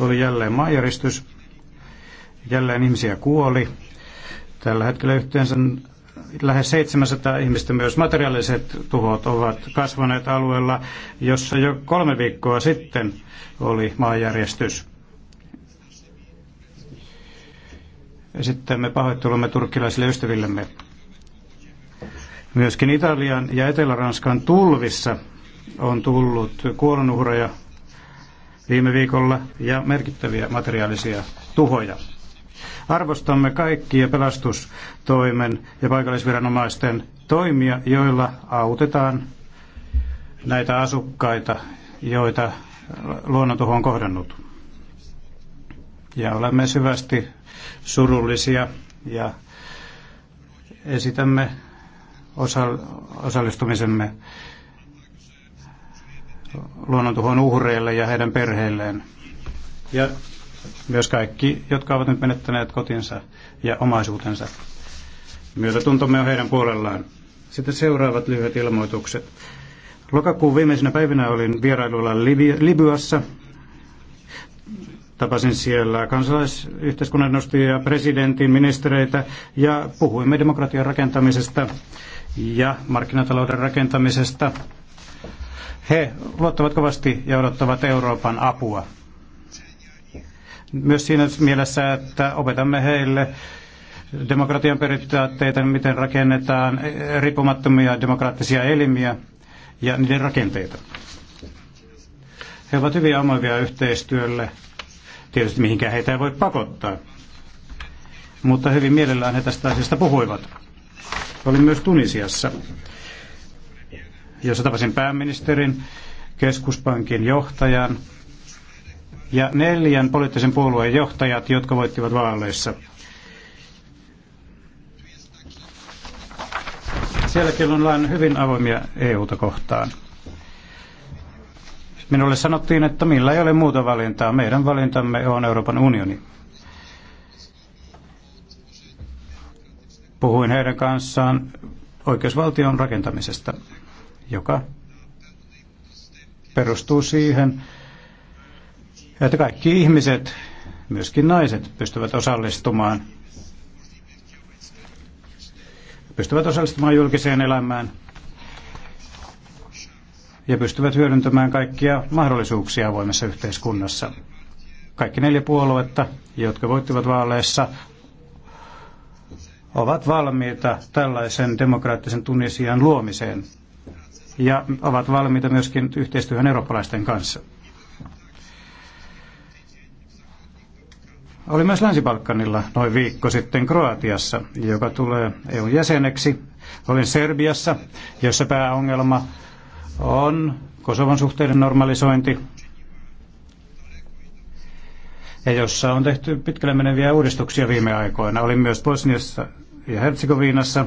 oli jälleen maajäristys. Jälleen ihmisiä kuoli. Tällä hetkellä yhteensä lähes 700 ihmistä myös materiaaliset tuhot ovat kasvaneet alueella, jossa jo kolme viikkoa sitten oli maanjärjestys. Esittämme pahoittelumme turkkilaisille ystävillemme. Myöskin Italian ja Etelä-Ranskan tulvissa on tullut kuolonuhreja viime viikolla ja merkittäviä materiaalisia tuhoja. Arvostamme kaikkia pelastustoimen ja paikallisviranomaisten toimia, joilla autetaan näitä asukkaita, joita luonnontuho on kohdannut. Ja olemme syvästi surullisia ja esitämme osallistumisemme luonnontuhon uhreille ja heidän perheilleen. Ja myös kaikki, jotka ovat nyt menettäneet kotinsa ja omaisuutensa. Myötätuntomme on heidän puolellaan. Sitten seuraavat lyhyet ilmoitukset. Lokakuun viimeisenä päivinä olin vierailulla Liby- Libyassa. Tapasin siellä kansalaisyhteiskunnan nostajia, presidentin, ministereitä ja puhuimme demokratian rakentamisesta ja markkinatalouden rakentamisesta. He luottavat kovasti ja odottavat Euroopan apua. Myös siinä mielessä, että opetamme heille demokratian periaatteita, miten rakennetaan riippumattomia demokraattisia elimiä ja niiden rakenteita. He ovat hyvin omavia yhteistyölle. Tietysti mihinkään heitä ei voi pakottaa, mutta hyvin mielellään he tästä asiasta puhuivat. Olin myös Tunisiassa jossa tapasin pääministerin, keskuspankin johtajan ja neljän poliittisen puolueen johtajat, jotka voittivat vaaleissa. Sielläkin ollaan hyvin avoimia e ta kohtaan. Minulle sanottiin, että millä ei ole muuta valintaa. Meidän valintamme on Euroopan unioni. Puhuin heidän kanssaan oikeusvaltion rakentamisesta joka perustuu siihen, että kaikki ihmiset, myöskin naiset, pystyvät osallistumaan pystyvät osallistumaan julkiseen elämään ja pystyvät hyödyntämään kaikkia mahdollisuuksia avoimessa yhteiskunnassa. Kaikki neljä puoluetta, jotka voittivat vaaleissa, ovat valmiita tällaisen demokraattisen Tunisian luomiseen ja ovat valmiita myöskin yhteistyöhön eurooppalaisten kanssa. Oli myös Länsi-Balkanilla noin viikko sitten Kroatiassa, joka tulee EUn jäseneksi. Olin Serbiassa, jossa pääongelma on Kosovan suhteiden normalisointi ja jossa on tehty pitkälle meneviä uudistuksia viime aikoina. Olin myös Bosniassa ja Herzegovinassa,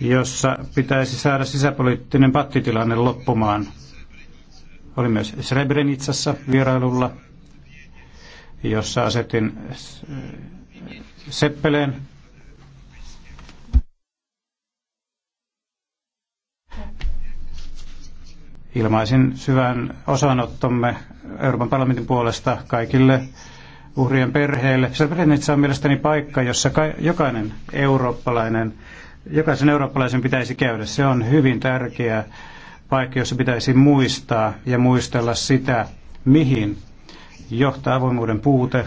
jossa pitäisi saada sisäpoliittinen pattitilanne loppumaan. Oli myös Srebrenitsassa vierailulla, jossa asetin seppeleen. Ilmaisin syvän osanottomme Euroopan parlamentin puolesta kaikille uhrien perheille. Srebrenica on mielestäni paikka, jossa jokainen eurooppalainen jokaisen eurooppalaisen pitäisi käydä. Se on hyvin tärkeä paikka, jossa pitäisi muistaa ja muistella sitä, mihin johtaa avoimuuden puute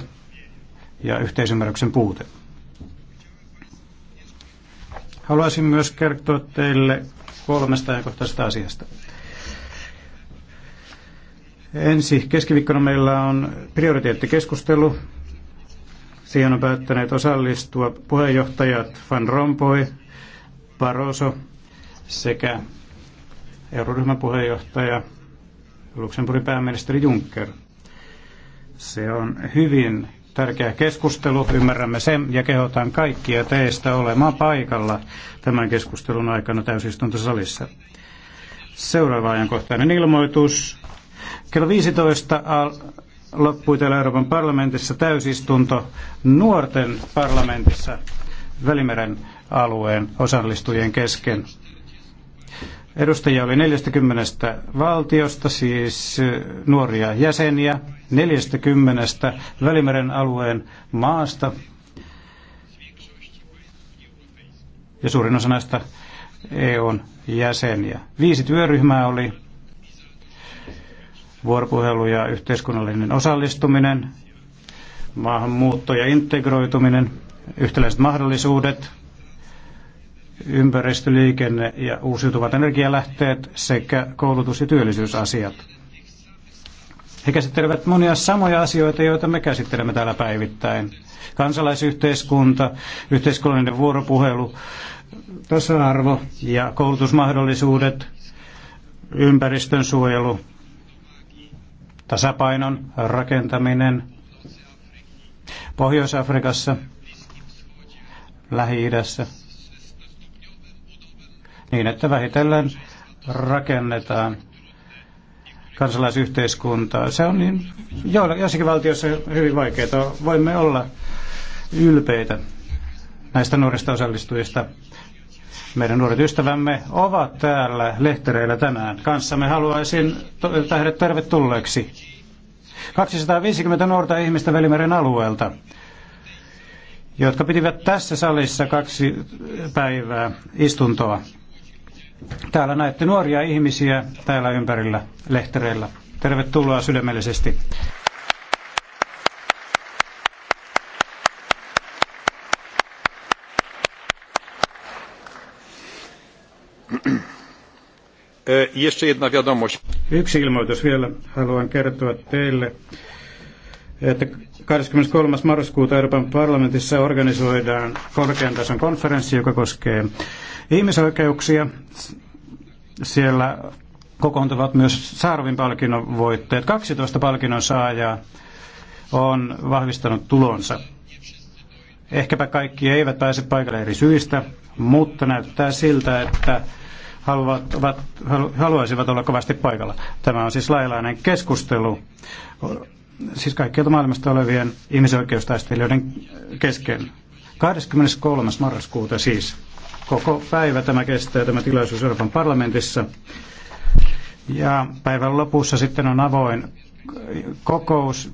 ja yhteisymmärryksen puute. Haluaisin myös kertoa teille kolmesta ajankohtaisesta asiasta. Ensi keskiviikkona meillä on prioriteettikeskustelu. Siihen on päättäneet osallistua puheenjohtajat Van Rompuy, Paroso sekä euroryhmän puheenjohtaja Luxemburgin pääministeri Juncker. Se on hyvin tärkeä keskustelu, ymmärrämme sen ja kehotan kaikkia teistä olemaan paikalla tämän keskustelun aikana täysistuntosalissa. Seuraava ajankohtainen ilmoitus. Kello 15 loppui täällä Euroopan parlamentissa täysistunto nuorten parlamentissa Välimeren alueen osallistujien kesken. Edustajia oli 40 valtiosta, siis nuoria jäseniä, 40 Välimeren alueen maasta. Ja suurin osa näistä EUn jäseniä. Viisi työryhmää oli vuoropuhelu ja yhteiskunnallinen osallistuminen, maahanmuutto ja integroituminen, yhtäläiset mahdollisuudet, ympäristöliikenne ja uusiutuvat energialähteet sekä koulutus- ja työllisyysasiat. He käsittelevät monia samoja asioita, joita me käsittelemme täällä päivittäin. Kansalaisyhteiskunta, yhteiskunnallinen vuoropuhelu, tasa-arvo ja koulutusmahdollisuudet, ympäristön suojelu, tasapainon rakentaminen Pohjois-Afrikassa, Lähi-idässä, niin, että vähitellen rakennetaan kansalaisyhteiskuntaa. Se on niin, joissakin valtioissa hyvin vaikeaa. Voimme olla ylpeitä näistä nuorista osallistujista. Meidän nuoret ystävämme ovat täällä lehtereillä tänään. Kanssamme haluaisin tähdet tervetulleeksi. 250 nuorta ihmistä Välimeren alueelta, jotka pitivät tässä salissa kaksi päivää istuntoa Täällä näette nuoria ihmisiä täällä ympärillä lehtereillä. Tervetuloa sydämellisesti. E, Yksi ilmoitus vielä haluan kertoa teille että 23. marraskuuta Euroopan parlamentissa organisoidaan korkean tason konferenssi, joka koskee ihmisoikeuksia. Siellä kokoontuvat myös Saarovin palkinnon voitteet. 12 palkinnon saajaa on vahvistanut tulonsa. Ehkäpä kaikki eivät pääse paikalle eri syistä, mutta näyttää siltä, että haluavat, ovat, haluaisivat olla kovasti paikalla. Tämä on siis lailainen keskustelu siis kaikkialta maailmasta olevien ihmisoikeustaistelijoiden kesken. 23. marraskuuta siis koko päivä tämä kestää tämä tilaisuus Euroopan parlamentissa. Ja päivän lopussa sitten on avoin kokous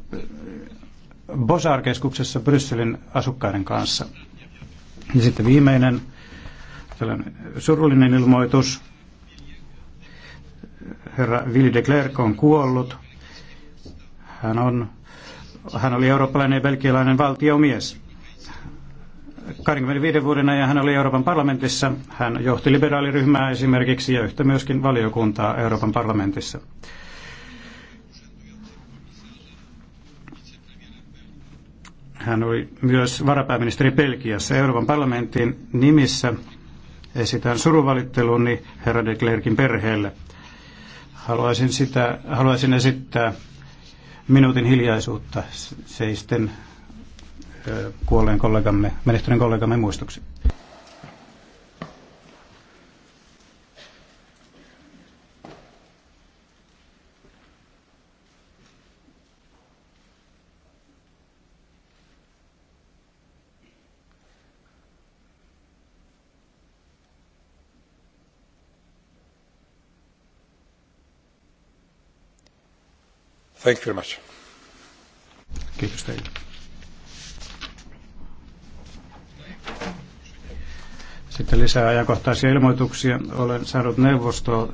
Bosar-keskuksessa Brysselin asukkaiden kanssa. Ja sitten viimeinen tällainen surullinen ilmoitus. Herra Willy de Klerk on kuollut hän, on, hän oli eurooppalainen ja belgialainen valtiomies. 25 vuoden ajan hän oli Euroopan parlamentissa. Hän johti liberaaliryhmää esimerkiksi ja yhtä myöskin valiokuntaa Euroopan parlamentissa. Hän oli myös varapääministeri Belgiassa Euroopan parlamentin nimissä. Esitän suruvalitteluni herra de Klerkin perheelle. Haluaisin, sitä, haluaisin esittää minuutin hiljaisuutta seisten kuolleen kollegamme, menehtyneen kollegamme muistoksi. Thank you very much. Kiitos teille. Sitten lisää ajankohtaisia ilmoituksia. Olen saanut neuvosto